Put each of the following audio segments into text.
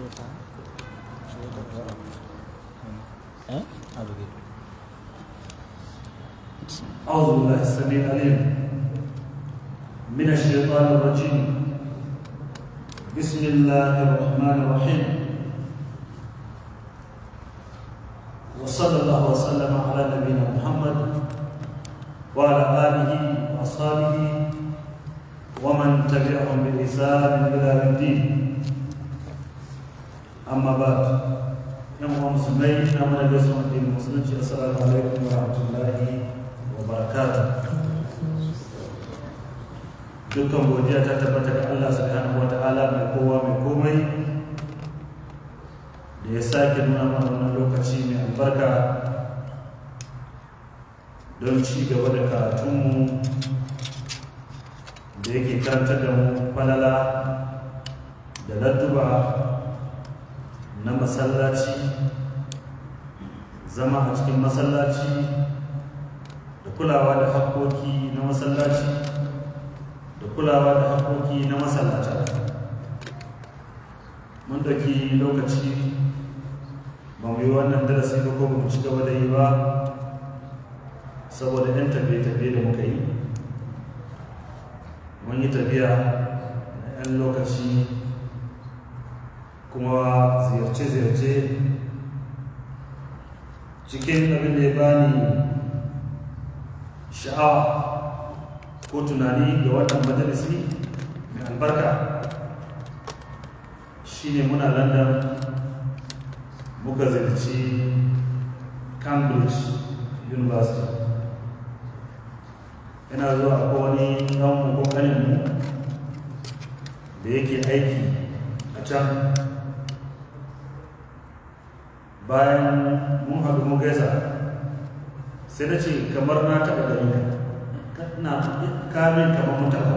أعوذ بالله السميع العليم من الشيطان الرجيم بسم الله الرحمن الرحيم وصلى الله وسلم على نبينا محمد وعلى آله وأصحابه ومن تبعهم بإحسان إلى الدين amma ba yan uwa musulmai na mana wanda da musulunci assalamu alaikum wa rahmatullahi wa barakatuh dukkan godiya ta tabbata ga Allah subhanahu wa ta'ala mai kowa mai komai da ya sake nuna mana wannan lokaci mai albarka don ci gaba da karatunmu da yake karantar da mu falala da ladduba na masallaci zama a cikin masallaci da kulawa da haƙoƙi na masallaci da kulawa da haƙoƙi na masallaci mun ɗauki lokaci ba mu yi wannan darasi ba ko mu ci gaba da yi ba saboda 'yan tafiye-tafiye da muka yi mun yi tafiya na 'yan lokaci kuma ziyarce-ziyarce cikin abin da ya bani sha'awa ko tunani ga wannan majalisi mai albarka ne muna london muka ziyarci cambridge university yana zuwa ko wani ɗan mu da yake aiki a can bayan mun haɗu mun gaisa sai na ce kamar na taɓa da yin na kamin kamar mun taɓa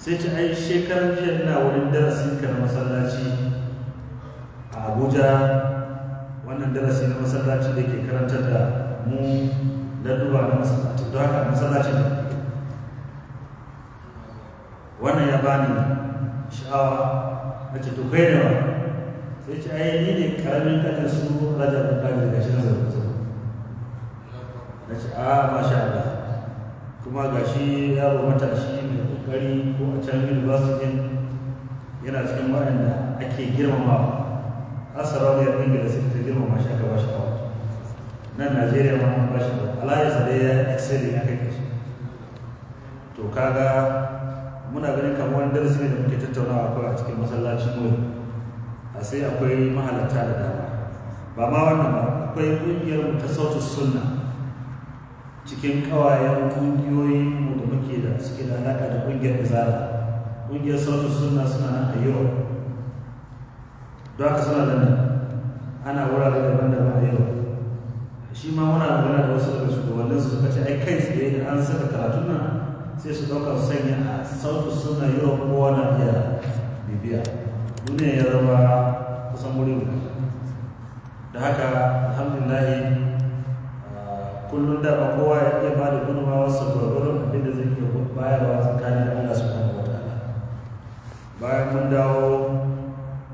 sai ce ai shekarar jiya na wurin darasi ka na masallaci a abuja wannan darasi na masallaci da ke karantar da mu duba na masallaci don haka masallaci ne wannan ya bani sha'awa na ce to kai ne ba ya ce ai ni ne karamin kanin su rajar da ɗan daga shi na zarfata na ce a masha Allah kuma ga shi ya yaro matashi mai kokari ko a can university yana cikin waɗanda ake girmama asarawa ya ɗan da suke girmama shi aka ba shi nan najeriya ma an bashi ba alayyarsa dai ya excel ya kai kashi to kaga muna ganin kamar wani darasi ne da muke tattaunawa kawai a cikin masallacin mu a sai akwai mahalarta da dama ba ma wannan ba akwai kungiyar mu ta sautin sunna cikin ƙawayen ƙungiyoyin mu da muke da suke da alaƙa da ƙungiyar izara ƙungiyar sautin sunna suna nan a yau don suna da nan ana wurare daban-daban a yau shi ma muna magana da wasu daga shugabannin su suka ce ai kai tsaye da an saka karatun nan sai su ɗauka sanya a sautin suna yau kowa na iya bibiya duniya ya zama kusan wuri da haka alhamdulillahi ah, kullum da kowa ya iya ba da gudunmawa wasu gwargwaron abin da zai iya bayarwa tsakanin Allah subhanahu wa wata bayan mun dawo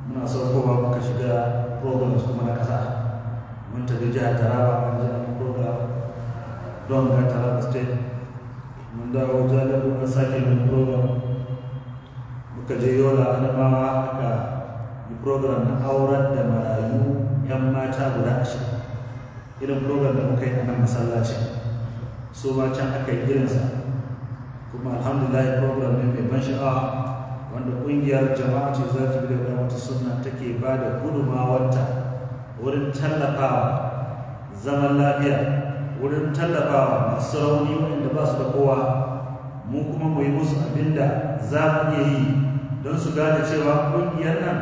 muna son koma muka shiga su kuma na kasa mun tafi jihar Taraba a je an program ah, don ga Taraba state mun dawo da kuma sake mun program Ka je yola adamawa aka yi program na aurar da marayu yan mata guda ashe irin program da muka yi a nan masallaci su ma can aka yi irinsa kuma alhamdulillah program ne mai ban sha'awa wanda kungiyar jama'a ce za ta da wata suna take ba da gudumawarta wurin tallafawa zaman lafiya wurin tallafawa masu rauni wanda ba su da kowa mu kuma mu yi musu abin da za mu iya yi don su gane cewa ƙungiyar nan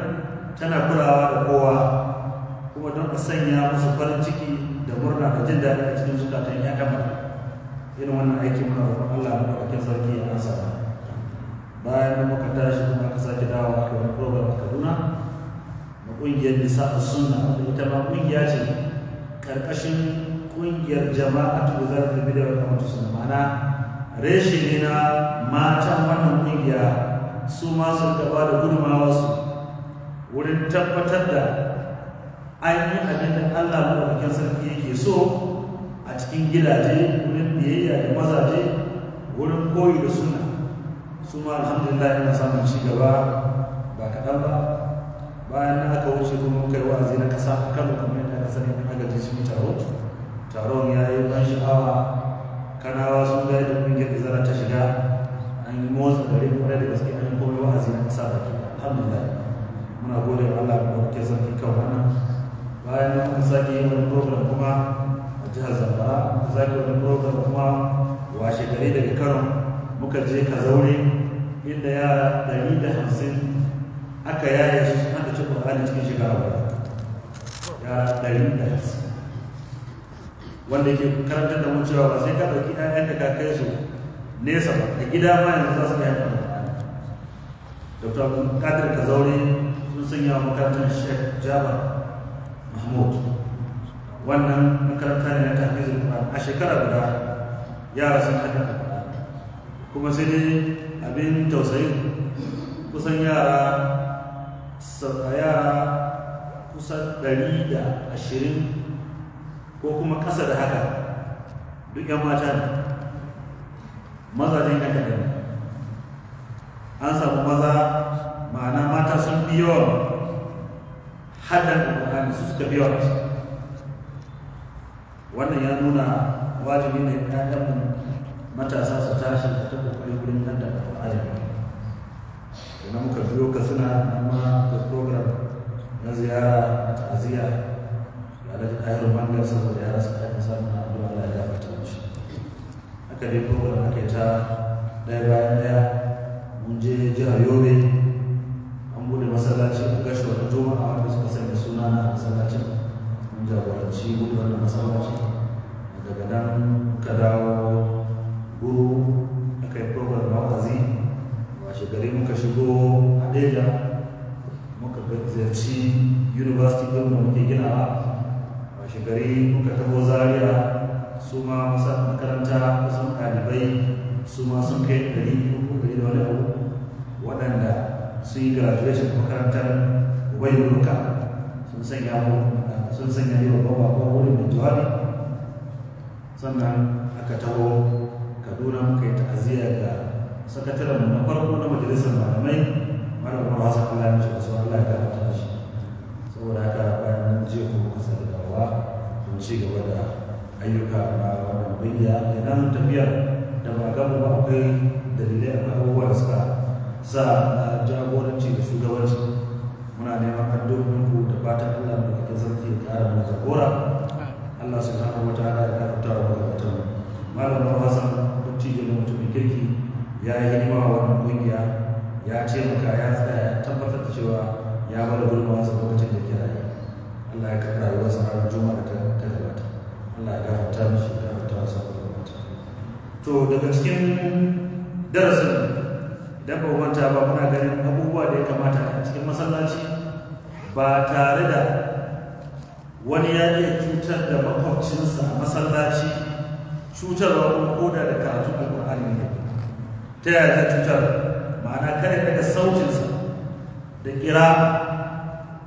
tana kulawa da kowa kuma don a sanya musu farin ciki da murna da jin daɗi a cikin zukatan ya kama irin wannan aikin muna roƙon Allah mu ɗauke sarki ya nasa bayan muka tashi kuma aka sake dawowa da wani program a Kaduna na ƙungiyar Nisa Sunna ita ma ƙungiya ce karkashin ƙungiyar jama'a tuzar da bidiyar kamar su ma'ana reshe ne na matan wannan kungiya su masu su da gudunmawa su wurin tabbatar da ainihin abin da Allah maɗaukakin sarki yake so a cikin gidaje wurin biyayya da mazaje wurin koyi da suna su ma alhamdulillah ina samun ci gaba ba kaɗan ba bayan na aka wuce kuma kai wa'azi na ƙasa kano kamar yadda aka sani in agaji sun taro taron ya yi ban sha'awa kanawa sun gaya da ƙungiyar da zara ta shiga zai na kasa da alhamdulillah muna gode wa Allah da ke zafi kan wannan bayan nan muka sake yin wani program kuma a jihar Zamfara muka sake wani program kuma washe gari daga Kano muka je ka zaure inda ya ɗari da hamsin aka yaya shi aka cikin Qur'ani cikin shekara wani ya ɗari da hamsin wanda ke karantar da mun cewa ba sai ka ɗauki ɗayan da ka kai su nesa ba a gida ma yanzu za su yi dr abdulkadir Kazauri, sun sanya wa makarantar sheikh jaba mahmud wannan makaranta ne na tafizin kuma a shekara guda yara sun haɗa kuma sai dai abin tausayin kusan yara yara kusa ɗari da ashirin ko kuma ƙasa da haka duk 'yan mata ne mazajen yankan an samu maza ma'ana mata sun fi haddana da alƙur'ani su suka fi wannan ya nuna wajibi ne ɗan matasa su tashi da ta kokari wurin nan da alƙur'ani idan muka biyo ka suna amma da program na ziyara ta'aziyya aziya da da ayar manga saboda yara su kai musamman na abuwa da ya ta wuce. haka dai program ake ta ɗaya bayan ɗaya mun je jihar yobe an bude masallaci a gashi wata juma'a wanda suka sanya suna na masallacin mun jagoranci gudu wannan masallaci daga nan ka dawo guru aka yi program wa'azi washe gari muka shigo adeja muka ziyarci university ɗin da muke ginawa washe gari muka taho zaria su ma makaranta kusan ɗalibai su ma sun kai ɗari biyu ɗari da wani abu waɗanda sun yi graduation makarantar ubai burka sun sanya mu sun sanya yi babban babban wurin da jawabi sannan aka taho kaduna muka yi ta'aziyya ga sakataren na farko na majalisar malamai malam rawa sa Allah ya mishi wasu Allah ya karanta shi saboda haka bayan nan jiya kuma kasa da dawa don ci gaba da ayyuka na wannan kungiya kenan tafiyar da ba gama ba akwai dalilai akwai abubuwa da suka sa na jagoranci da shugabanci muna neman addu'o'in ku da fatan Allah da kake zarki ya kara mu jagora Allah subhanahu wataala ya karanta wa bukatun malam Hassan mutum ne mutumin kirki ya yi hidima wa wannan kungiya ya ce maka ya tsaya ya tabbatar da cewa ya bada gudunmawa sa lokacin da ke rayu Allah ya karɓa rayuwarsa ranar juma'a da ta gabata Allah ya gafarta mishi ya gafarta masa to daga cikin darasin idan ba manta ba muna ganin abubuwa da ya kamata a cikin masallaci ba tare da wani ya iya cutar da makwabcinsa a masallaci cutarwa kuma koda da karatu alƙur'ani ne ta yaya zai cutar ma'ana kada daga sautinsa da kira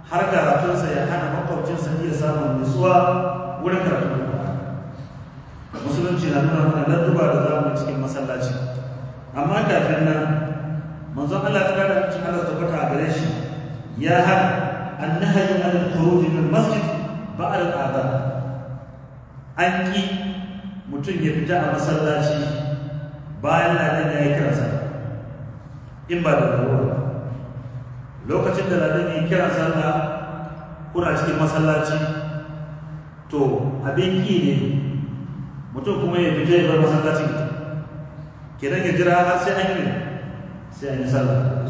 har karatunsa ya hana makwabcinsa iya samun nutsuwa wurin karatu musulunci na nuna mana larduba da za mu cikin masallaci amma kafin nan manzon Allah ta da cikin Allah ta kwata gare shi ya har annahi an al-khuruj min masjid ba'da al-adhan an ki mutum ya fita a masallaci bayan ladan ya yi kiransa in ba da ruwa lokacin da ladan ya kira sallah kuna cikin masallaci to abin ki ne mutum kuma ya fita ya bar masallaci kenan ya jira har sai an yi sai an yi sallah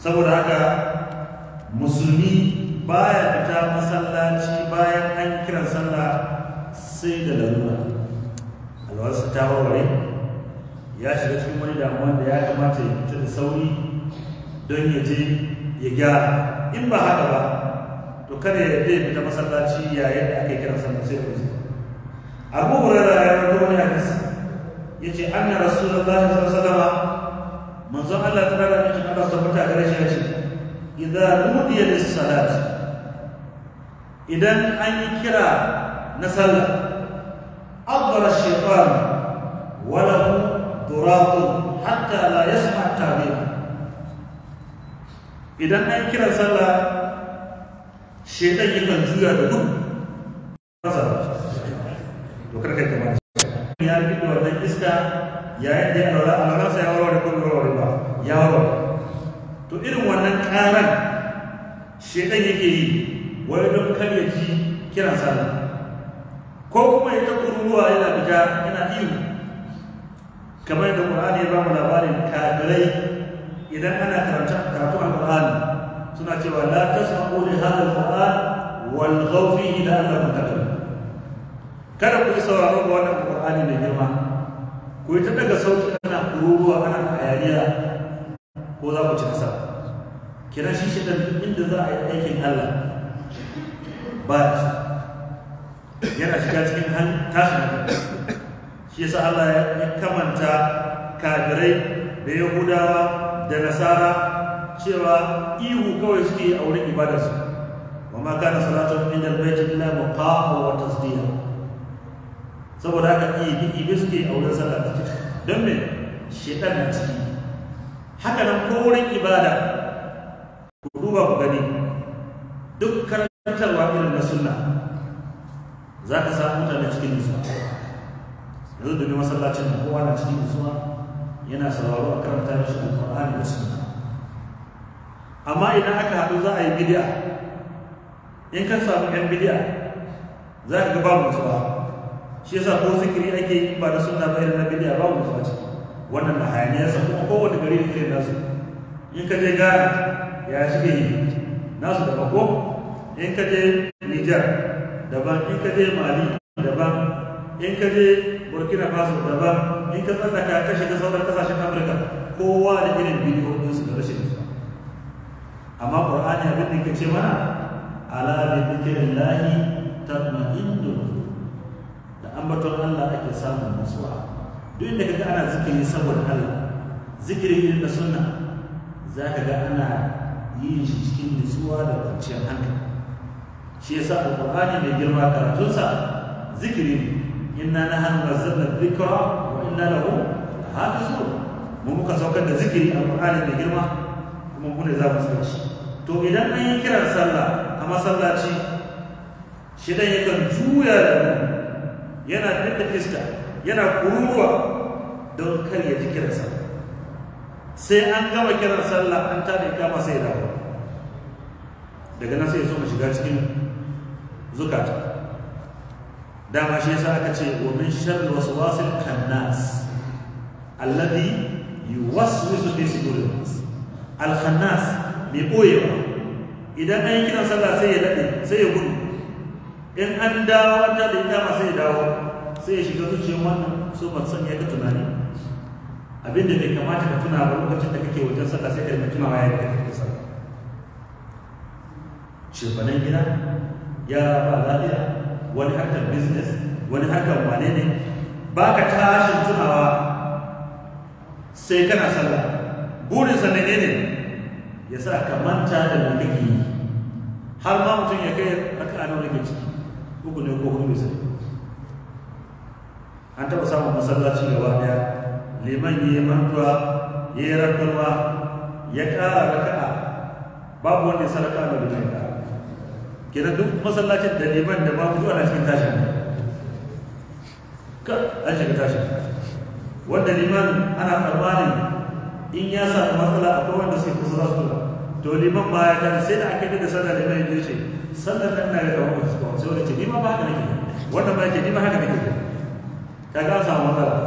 saboda haka musulmi baya fita masallaci bayan an kiran sallah sai da larura alwarsa ta warware ya shiga cikin wani damuwa da ya kamata ya fita da sauri don ya je ya gyara in ba haka ba to kada ya fita masallaci yayin da ake kiran sallah sai da abu hurairah ya rawaito wani hadisi yace anna rasulullahi sallallahu alaihi wasallam manzon Allah ta rada ne Allah a gare shi Idan idza nudiya lis-salat idan an yi kira na sallah abdara shaytan wa lahu duratun hatta la yasma' at-ta'bir idan an yi kira sallah shaytan yakan juya da sallah. to karka ya fi wannan iska yayin da ya aura ya ba ya to irin wannan karan shedan yake yi wai don kar ya ji kiran sallah ko kuma ya ta ruwa yana fita yana ihu kamar yadda Qur'ani ya ba mu labarin kafirai idan ana karanta karatu al-Qur'ani suna cewa la tasma'u li hadha al-Qur'an wal ghaw fihi la'allakum taghlibun kada ku yi sauraro ga wannan Qur'ani mai girma ku yi ta daga sauti ana kururuwa ana hayaniya ko za ku ci nasa kiran shi shi inda za a yi aikin Allah ba yana shiga cikin tashin shi yasa Allah ya kamanta kafirai da Yahudawa da Nasara cewa ihu kawai suke a wurin ibadarsu wa ma kana salatu inda al-bayt illa muqa'a wa tasdiya saboda haka ibi ibi suke a wurin sallah da ciki don me shaitan na ciki haka nan ko wurin ibada ku duba ku gani duk karantarwa irin na sunna za ka samu mutane cikin nutsuwa yanzu domin masallacin da kowa na cikin nutsuwa yana sauraro a karanta a alƙur'ani da sunna amma idan aka haɗu za a yi bidiya in ka samu 'yan bidiya za ka ga babu shi yasa ko zikiri ake yi ba na suna ba irin na bid'a ba mu faci wannan na sa kuma kowane gari ne irin nasu in ka je gara ya shige yi nasu da ko in ka je Niger daban in ka je Mali daban in ka je Burkina Faso daban in ka tsallaka ka shiga sauran kasashen Afirka kowa da irin su da rashin su amma Qur'ani abin da yake ce mana ala bi dhikrillahi tatma'innul ambaton Allah ake samun nasuwa duk inda kaga ana zikiri saboda Allah zikiri irin da sunna ka ga ana yin shi cikin nutsuwa da kwanciyar hankali shi yasa alqur'ani mai girma karatunsa zikiri ne inna nahnu nazzalna dhikra wa inna lahu hafizun mu muka saukar da zikiri alqur'ani mai girma kuma mu ne za mu tsaya shi to idan an yi kiran sallah sallah ce. shi dan yakan juya da yana dinda iska yana kururuwa don kar ya ji kiran sai an gama kiran sallah an tada kama sai dawo daga nan sai ya so mu shiga cikin zukata dama shi yasa aka ce wa min sharri waswasil khannas alladhi yuwaswisu fi sudurin nas al khannas mai boyewa idan an yi kiran sallah sai ya dade sai ya gudu in an dawo ta da ita sai dawo sai ya shiga zuciyar wannan so ban san ya ka tunani abin da bai kamata ka tuna ba lokacin da kake wajen saka sai ka tuna tunawa ya da kake sallah shirfanan gida yara ba lafiya wani harkar business wani harkar wane ne ba ka tashin tunawa sai kana sallah burinsa ne ne ya sa ka manta da me yi har ma mutum ya kai haka a nan rage ciki uku ne ko hudu misali an taɓa samun masallaci gaba ɗaya liman ya yi mantuwa ya yi rakarwa ya ƙara raka'a babu wanda ya sarrafa da liman ya kenan duk masallacin da liman da babu zuwa na cikin tashin ka an shiga tashin wanda liman ana tsammanin in ya samu matsala akwai wanda sai kusa rasu su to liman ba ya tashi sai da ake yi da sallar liman ya ce Sannan nan na da kawai su kawai sai wani ce nima ba haka nake wannan ba ce nima haka nake Ta ga samu matsala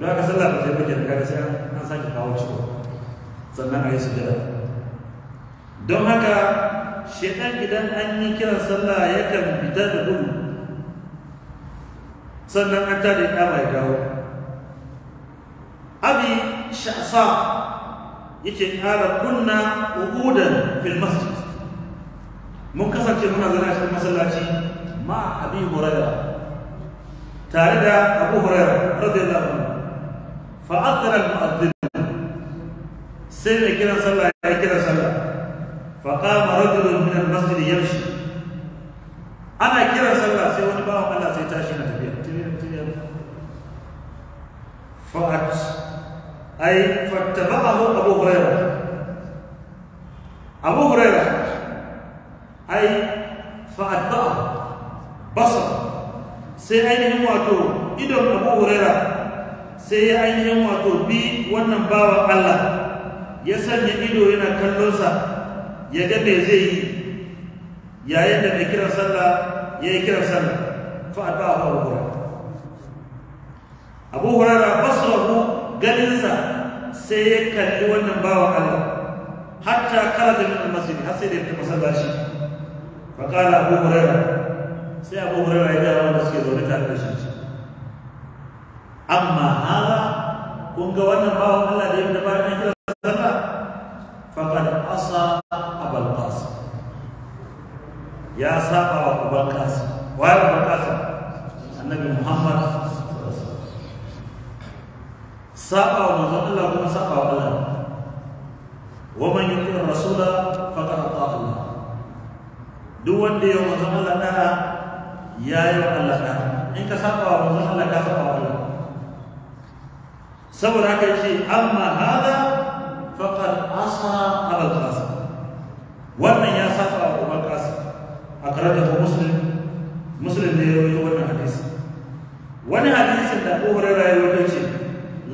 don haka sallah ba sai bakin ka sai an sake kawo shi sannan a yi sujada don haka shedan idan an yi kiran sallah yakan fita da gudu sannan an tada ya kama ya dawo abi sha'sa yake kara kunna uqudan fil masjid mun kasance muna zana cikin masallaci ma abi hurayra tare da abu hurayra radiyallahu anhu fa aqra al mu'adhdhin sai ne kiran sallah ya kiran sallah fa qama rajul min al masjid yamshi ana kiran sallah sai wani bawan Allah sai tashi na tafiya fa fa'at ay tabahu abu hurayra abu hurayra ai fa'adba'a basar sai ainihin wato idon abu huraira sai ya ainihin wato bi wannan bawan allah ya sanya ido yana kallonsa ya ga me zai yi yayin da mai kiran sallah ya yi kiran sallah fa fa'adba'a abu huraira abu huraira ganin sa sai ya kalli wannan bawan allah hatta kala da min almasjid har da masallaci فقال أبو هريرة سي أبو هريرة إذا هو نسكي ذو نتاك أما هذا كن قوانا ما هو ملا دي من دبار نجل فقد أصى أبا القاسم يا صاحب أبا القاسم أبا القاسم النبي محمد صاحب أبا القاسم الله ومن صاحب أبا ومن يطيع الرسول فقد أطاع الله duk wanda ya manzo Allah da'a ya yi wa Allah da'a in ka saba wa manzo Allah ka saba wa Allah saboda haka yace amma hada faqad asa abul qasim wannan ya saba wa abul qasim akrata muslim muslim ne ya rawaito wannan hadisi wani hadisin da Abu Hurairah ya rawaito ce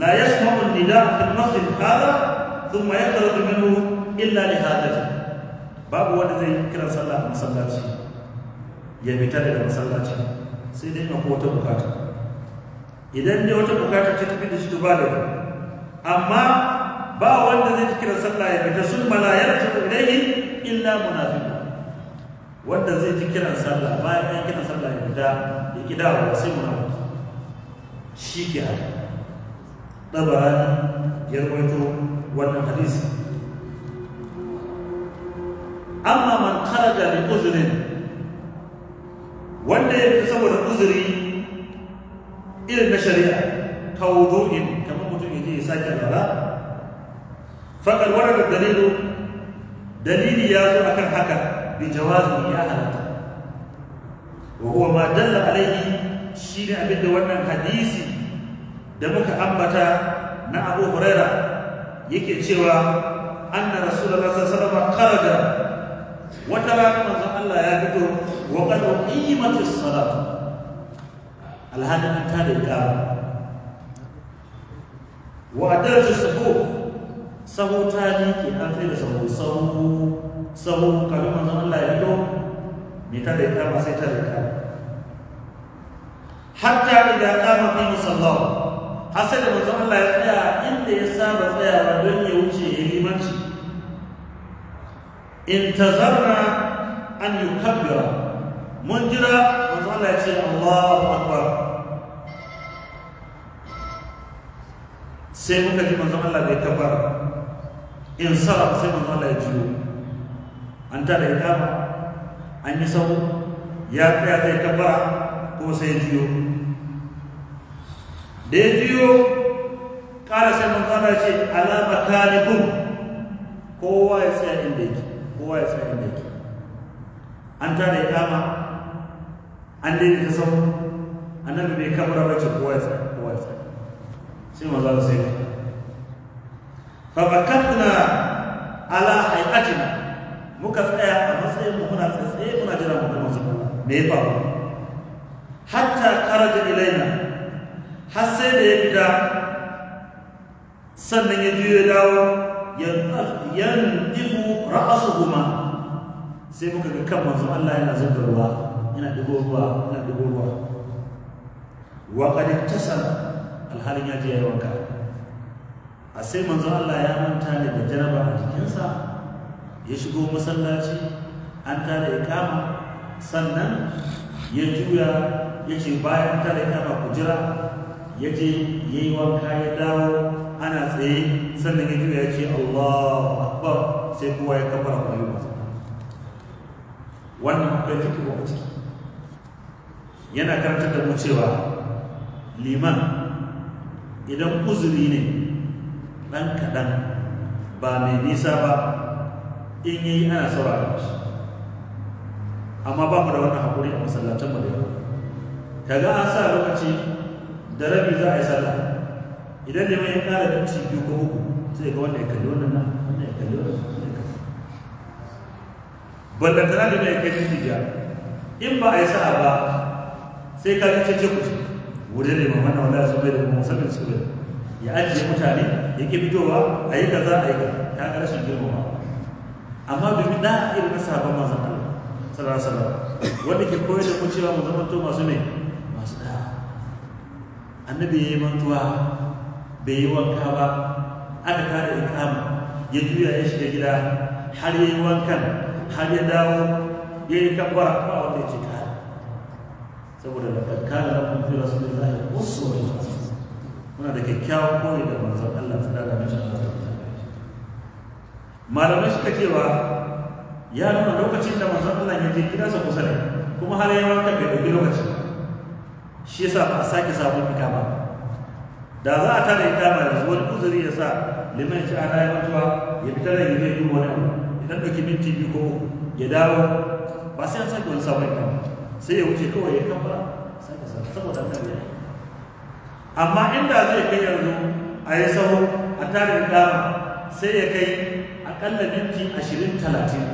la yasma'u an-nida'a fil masjid hada thumma yakhruju minhu illa li hadatin babu wanda zai kira sallah a masallaci ya fita daga masallaci sai dai akwai wata bukata idan dai wata bukata ce tafi da shi to ba da amma ba wanda zai kira sallah ya fita sun mala yarju ilayhi illa munafiqun wanda zai ji kiran sallah bayan an kira sallah ya fita ya ki dawo sai munafiki shi ke haka dabarani ya rawaito wannan hadisi amma man kharaja li uzrin wanda ya fita saboda uzuri irin na shari'a ka wudu'in kamar mutum ya je ya sake rara faqad warada dalilu dalili ya zo akan haka bi jawazi ya halatta wa huwa ma dalla alaihi shine abin da wannan hadisi da muka ambata na Abu Huraira yake cewa anna rasulullahi sallallahu alaihi wasallam kharaja wata rana manzon Allah ya fito wa qad qimatu salat alhadin an tada ita wa adarju sahu sabo ta ke an fi da sabo sabu sahu kamar manzon Allah ya fito mai da ita ba sai ta tada ita hatta idan qama fi musallahu har sai da manzon Allah ya tsaya inda ya saba tsayawa don ya wuce ya limanci intazarna an yukabbira mun jira manzo Allah ya ce Allahu akbar sai muka ji manzo Allah bai tabbara in sara sai manzo Allah ya jiyo an tara ya ikama an yi sau ya tsaya zai tabbara ko sai jiyo da ya jiyo ƙara sai manzo Allah ya ce alama talibun kowa ya tsaya inda yake kowa ya san inda yake an tara ikama an daina ta sau annabi bai kabara ba ce kowa ya san kowa ya san shi za su sai fa bakatna ala hayatina muka tsaya a matsayin mu muna tsaye muna jira mu kuma su me ya faru hatta kharaja ilaina har sai da ya fita sannan ya juyo dawo yanzifu ra'asuhuma sai muka ga kan manzo Allah yana zubar ruwa yana dubo ruwa yana dubo ruwa wa qad alhalin ya je wanka a sai manzo Allah ya manta ne da jaraba a jikinsa ya shigo masallaci an tare kama, sannan ya juya ya ce bayan tare ikama ku jira ya je yayi wanka ya dawo ana tsaye sannan ya juya ya ce Allahu akbar sai kowa ya kabbara ba yau wannan akwai fiki ba ciki yana karantar da mu cewa liman idan uzuri ne ɗan kaɗan ba mai nisa ba in yi ana saurara shi amma ba mu da wannan haƙuri a masallacin mu da yawa kaga an sa lokaci da rabi za a yi sallah idan liman ya kara minti biyu ko uku sai ga wannan ya kalli wannan nan wannan ya kalli wannan wannan ya kalli ballantana da mai kai minti biyar in ba a yi sa'a ba sai ka ga cece ku wurin liman wannan wanda su bai da musamman su bai ya ajiye mutane ya ke fitowa a yi kaza a yi kaza ta ga rashin girmama amma domin da irin na sabon manzon Allah sallallahu alaihi wasallam wanda ke koyar da mu cewa mu zama to masu ne masu da annabi ya yi mantuwa bai yi wanka ba aka kada kama ya juya ya shiga gida har ya yi wankan har ya dawo ya yi kabbara ba wanda ya ce kada saboda da kankana na kuma fira a yi wasu wani muna da kyakkyawan koyi da manzan Allah ta dada mashi malamai suka cewa ya nuna lokacin da manzan Allah ya je sa kusa ne kuma har ya yi wanka bai ɗauki lokaci shi yasa ba a sake sabon fika ba da za a tare ita ba yanzu wani uzuri ya sa liman shi ana ya mutuwa ya fitar da zai yi wani abu idan ɗauki minti biyu ko ya dawo ba sai an sake wani sabon ta sai ya wuce kawai ya kafa sake saboda ta biya amma inda zai kai yanzu a yi sauro a tare ita sai ya kai akalla minti ashirin talatin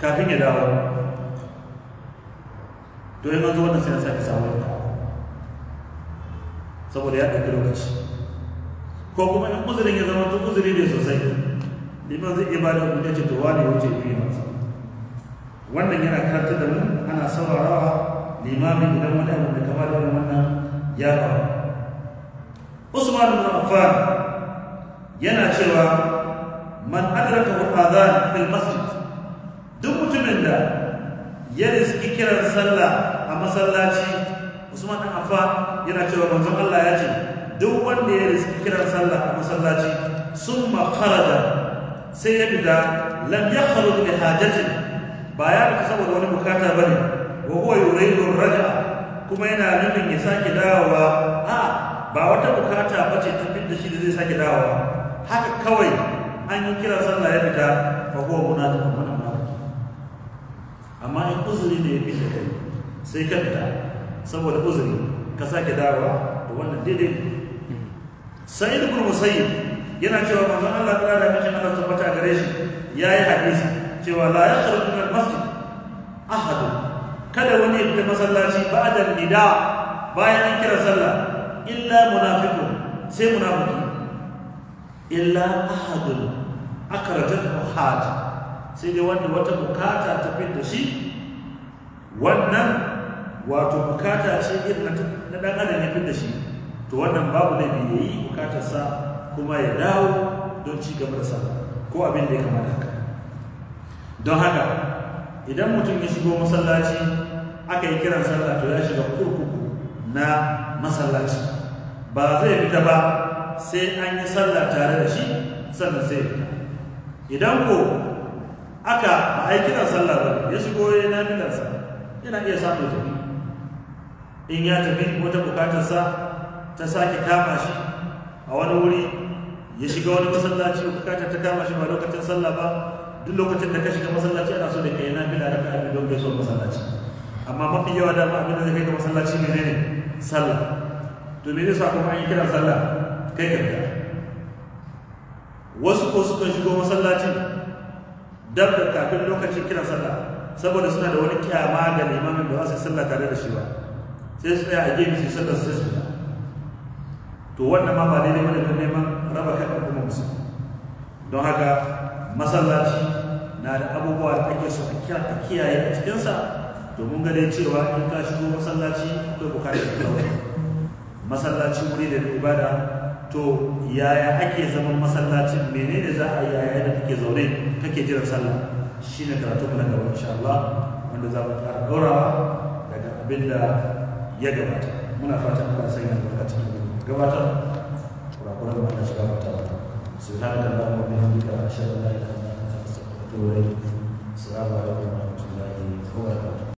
kafin ya dawo to yanzu wannan sai an sake sabon ta saboda ya ɗauki lokaci ko kuma in uzurin ya zama tun uzuri ne sosai liman zai iya bada hukunci ce to wani wuce biyu masu wannan yana karanta da mu ana saurarawa limamin idan wani abu mai kama da wannan ya faru usman bin affan yana cewa man adraka adhan fil masjid duk mutumin da ya riski kiran sallah a masallaci Usman ɗan Affa yana cewa manzon Allah ya ce duk wanda ya riski kiran sallah a masallaci sun kharaja sai ya fita lam yakhruj da hajatin ba ya fita saboda wani bukata bane wa huwa don raja kuma yana nufin ya sake dawowa a ba wata bukata ce ta fita shi da zai sake dawowa haka kawai an yi kiran sallah ya fita fa huwa munafiqun amma in uzuri ne ya fita kai sai ka fita saboda uzuri ka sake dawowa da wannan daidai sa'id ibn musayyib yana cewa manzon Allah ta da mishi Allah tabbata gare shi yayi hadisi cewa la yakhruju min al-masjid ahad kada wani ya fita masallaci ba'da nida bayan an kira sallah illa munafiqun sai munafiki illa ahadun akrajatu haja sai dai wanda wata bukata ta fitar da shi wannan wato bukata shi irin na dan adam ya da shi to wannan babu laifi ya yi sa kuma ya dawo don ci gaba da sallah ko abin da ya kamata haka don haka idan mutum ya shigo masallaci aka yi kiran sallah to ya shiga kurkuku na masallaci ba zai fita ba sai an yi sallah tare da shi sannan sai idan ko aka a yi kiran sallah ba ya shigo ya yi namilarsa yana iya samun tafi in ya tafi wata bukatarsa ta sake kama shi a wani wuri ya shiga wani masallaci bukatar ta kama shi ba lokacin sallah ba duk lokacin da ka shiga masallaci ana so da kai yana bila da kai don gaiso masallaci amma mafi yawa da ma abin da zai kai ga masallaci ne ne sallah to me yasa kuma an yi kiran sallah kai ka biya wasu ko suka shigo masallacin dab da kafin lokacin kiran sallah saboda suna da wani kyama ga limamin da za su sallah tare da shi ba sai su tsaya a gefe su sallar sai su to wannan ma ba daidai bane don neman raba kan kuma musu? don haka masallaci na da abubuwa da ake so a kiyaye a cikinsa domin gane cewa in ka shigo masallaci akwai bukatar kawai masallaci wuri da ibada to yaya ake zaman masallacin menene za a yaya da take zaune kake jiran sallah shine karatu mu na gaba insha Allah wanda za mu fara daga abinda ya gabata muna fatan Allah sai ya barka cikin gabatar kurakuran da Allah shi gabata subhanaka allahumma wa bihamdika ashhadu an la ilaha illa anta astaghfiruka wa atubu ilayk assalamu alaikum wa rahmatullahi wa barakatuh